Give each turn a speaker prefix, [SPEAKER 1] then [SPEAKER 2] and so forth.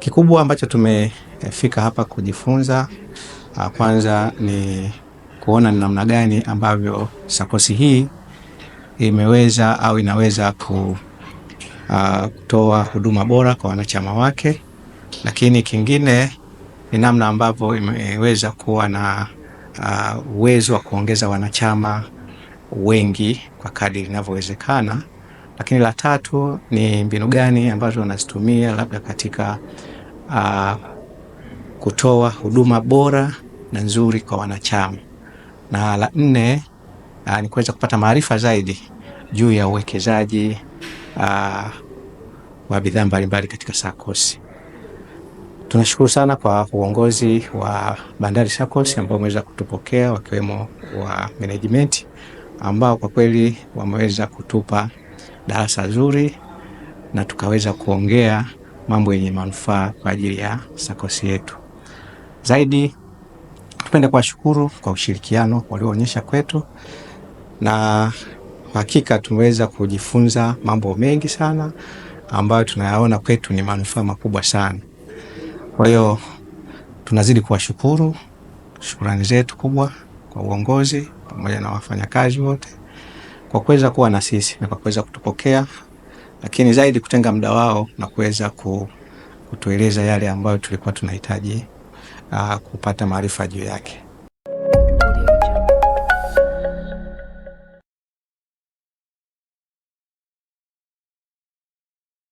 [SPEAKER 1] Kikubwa ambacho tumefika hapa kujifunza, ah, kwanza ni kuona ni namna gani ambavyo sakosi hii imeweza au inaweza ku, uh, kutoa huduma bora kwa wanachama wake, lakini kingine ni namna ambavyo imeweza kuwa na ah, uwezo uh, wa kuongeza wanachama wengi kwa kadri inavyowezekana. Lakini la tatu ni mbinu gani ambazo wanazitumia labda katika uh, kutoa huduma bora na nzuri kwa wanachama, na la nne uh, ni kuweza kupata maarifa zaidi juu ya uwekezaji uh, wa bidhaa mbalimbali katika SACCOS. Tunashukuru sana kwa uongozi wa Bandari SACCOS ambao wameweza kutupokea wakiwemo wa management ambao kwa kweli wameweza kutupa darasa zuri na tukaweza kuongea mambo yenye manufaa kwa ajili ya sakosi yetu. Zaidi tupende kuwashukuru kwa ushirikiano walioonyesha kwetu, na hakika tumeweza kujifunza mambo mengi sana ambayo tunayaona kwetu ni manufaa makubwa sana. Kwa hiyo tunazidi kuwashukuru, shukrani zetu kubwa kwa uongozi pamoja na wafanyakazi wote kwa kuweza kuwa na sisi na kwa kuweza kutupokea, lakini zaidi kutenga muda wao na kuweza kutueleza yale ambayo tulikuwa tunahitaji ah, kupata maarifa juu yake.